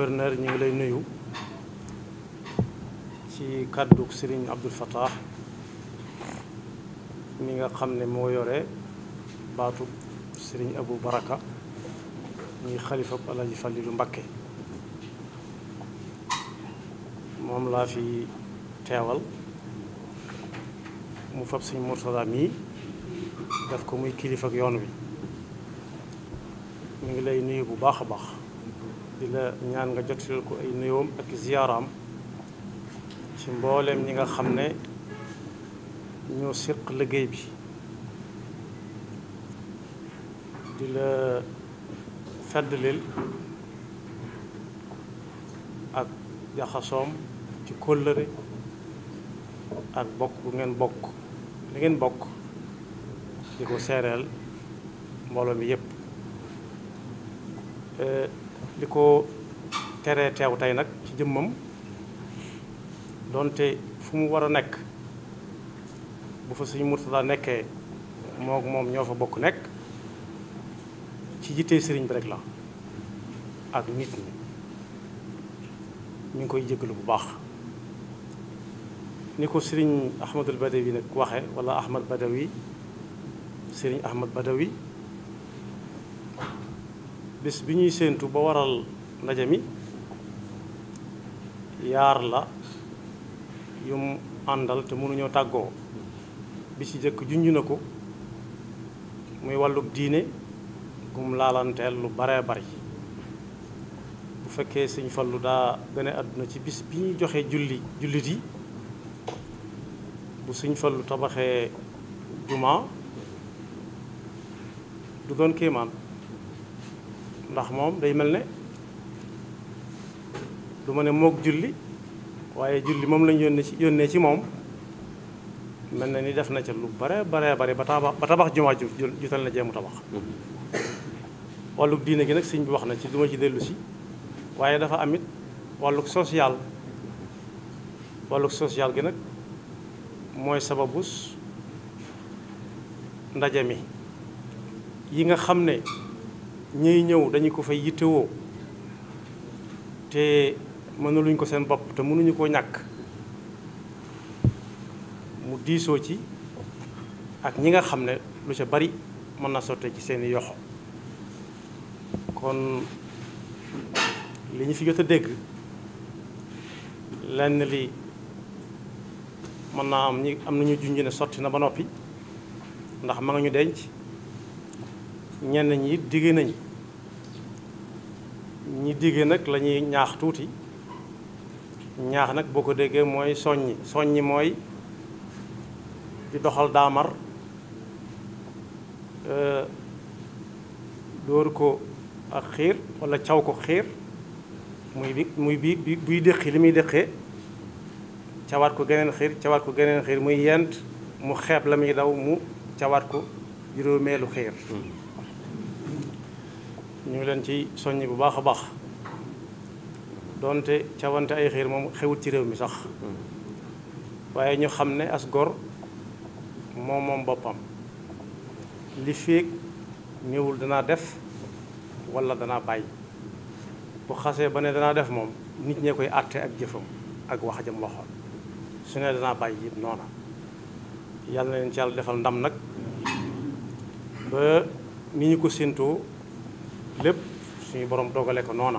gouverneur ñu ngi lay nuyu ci kàddu sëriñ Abdoul Fattah mi nga xam ne moo yore baatu Serigne Abou Baraka ñuy xalifa Alaaji lu Mbakke moom laa fi teewal mu fab Serigne Mourtada mii daf ko muy kilifa ak yoon wi mi ngi lay nuyu bu baax a baax di la ñaan nga jot jotal ko ay nuyoom ak ziyaaraam ci mbooleem ñi nga xam ne ñoo séq liggéey bi di la feddlil ak jaxasoom ci kóllëre ak bokk bu ngeen bokk li ngeen bokk di ko seereel mbooloo mi yépp eh, li ko tere teew tey nag ci jëmmam donte fu mu war a nekk bu fa suñu Murtada nekkee mook moom ñoo fa bokk nekk ci yittee sëriñ bi rek la ak nit ñi ñu ngi koy jégalu bu baax ni ko sëriñ Ahmadul Badawi nag waxe wala Ahmad Badawi sëriñ Ahmad Badawi bis bi ñuy séentu ba waral ndaje mi yaar la yum àndal te mënuñoo tàggoo bi ci jëkk junj na ko muy wàllug diine gum laalanteel lu baree bari bu fekkee sëñ Fallu daa gën a àdduna ci bis bi ñuy joxe julli jullit yi bu sëñ Fallu tabaxee jumaa du doon kéemaan ndax moom day mel ne du ma ne moog julli waaye julli moom lañ yónnee ci yónnee ci moom mel na ni def na ca lu bare bare bare ba tabax ba tabax jumaa ju jutal na jéemu tabax mm-hmm. wàllu diine gi nag sëñ bi wax na ci du ci dellu si waaye dafa amit wàllu social wàllu social gi nag mooy sababus ndaje mi yi nga xam ne ñiy ñëw dañu ko fay yittewoo te mën na mënuluñ ko seen bopp te mënuñu koo ñàkk mu diisoo ci ak ñi nga xam ne lu ca bari mën na sotte ci seeni yoxo kon li ñu fi jot a dégg lenn li mën naa am ñi am nañu junj ne sotti na ba noppi ndax ma nga ñu denc ñenn ñi it digge nañ ñi digge nag lañuy ñaax tuuti ñaax nag boo ko déggee mooy soññi soññi mooy di doxal daamar euh, dóor ko ak xiir walla caw ko xiir muy bi muy bi bi buy déqi li muy déqee cawaat ko geneen xiir cawaat ko geneen xiir muy yent mu xeeb la muy daw mu cawaat ko juróomeelu xiir mm-hmm. ñu leen ci soññi bu baax a baax doonte cawante ay xiir moom xewut ci réew mi sax waaye ñu xam ne as gor moom moom boppam li féeg ñëwul danaa def wala danaa bàyyi bu xasee ba ne danaa def moom nit ñee koy àtte ak jëfam ak wax jam waxoon su ne danaa bàyyi noona yàlla na leen ci yàlla defal ndam nag ba ni ñu ko séentoo lépp suñu borom dogale ko noona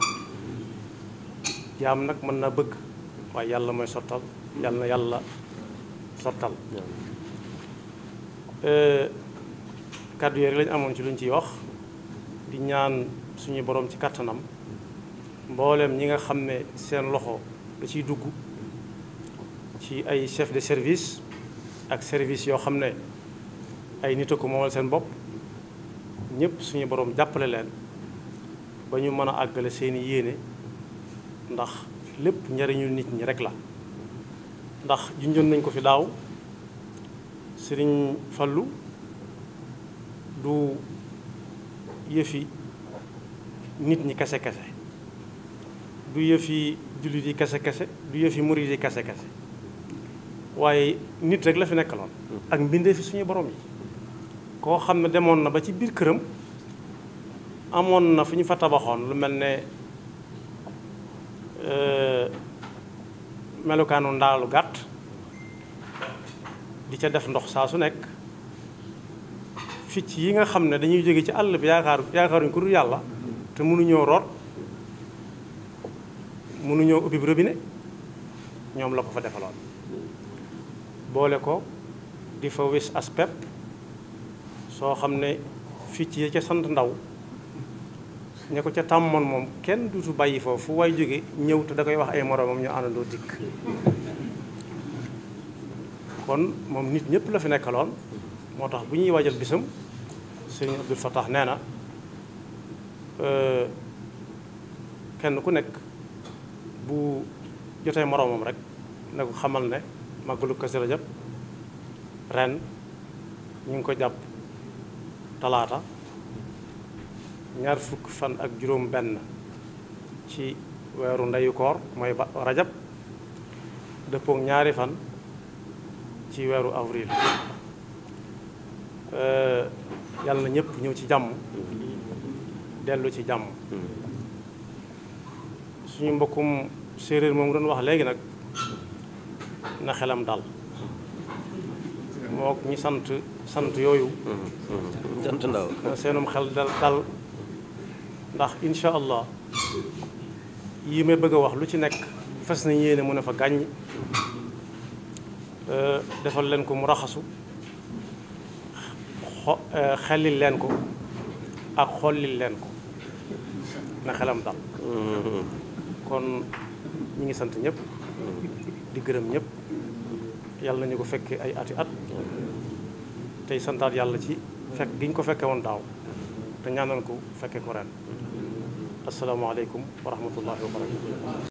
jaam nag mën naa bëgg waaye yàlla mooy sottal yàlla na yàlla sottal eh, kàddu yi rek lañu amoon ci luñ ciy wax di ñaan suñu borom ci kàttanam mbooleem ñi nga xam ne seen loxo da ciy dugg ci ay chef de service ak service yoo xam ne ay nit a moomal seen bopp ñëpp suñu borom jàppale leen ba ñu mën a àggale seeni yéene ndax lépp njariñu nit ñi rek la ndax junjoon nañ ko fi daaw sëriñ Fallu du yëfi nit ñi kese kese du yëfi jullit yi kese kese du yëfi murid yi kese kese waaye nit rek la fi nekkaloon ak mbindee fi suñu borom yi koo xam ne demoon na ba ci biir këram amoon na fu ñu fa tabaxoon lu mel ne euh, melokaanu ndaalu gàtt di ca def ndox saa su nekk picc yi nga xam ne dañuy jóge ci àll bi yaakaar yaakaaruñ ko dul yàlla te mënuñoo root mënuñoo ubbi robinet ñoom la ko fa defaloon boole ko di fa wis aspect soo xam ne picc yi ca sant ndaw ña ko ca tàmmoon moom kenn dutu bàyyi foofu fu jóge ñëw te da koy wax ay moroomam ñu àndandoo dikk kon moom nit ñëpp la fi nekkaloon moo tax bu ñuy waajal bisam sëriñ Abdul Fattah nee na euh, kenn ku nekk bu jotee moroomam rek na ko xamal ne màggalu Kazu Rajab ren ñu ngi ko jàpp talaata ñaar fukk fan ak juróom benn ci weeru ndeyukoor mooy ba rajab dëppook ñaari fan ci weeru avril euh, yàlla na ñëpp ñëw ci jàmm dellu ci jàmm suñu mbokkum séeréer moom doon wax léegi nag na xelam dal mook ñi sant sant yooyu sant seenum xel dal dal ndax incha allah yii may bëgg a wax lu ci nekk fas nañ yéene mën a fa gàññ euh, defal leen ko mu raxasu xo euh, xellil leen ko ak xollil leen ko na xelam dal kon ñi ngi sant ñëpp di gërëm ñëpp yàlla ñu ko fekkee ay ati at tey santaat yàlla ci fekk gi ñu ko fekkee woon daaw te ñaanal ko fekke ko ren asalaamaaleykum wa rahmatullahi wa barakatu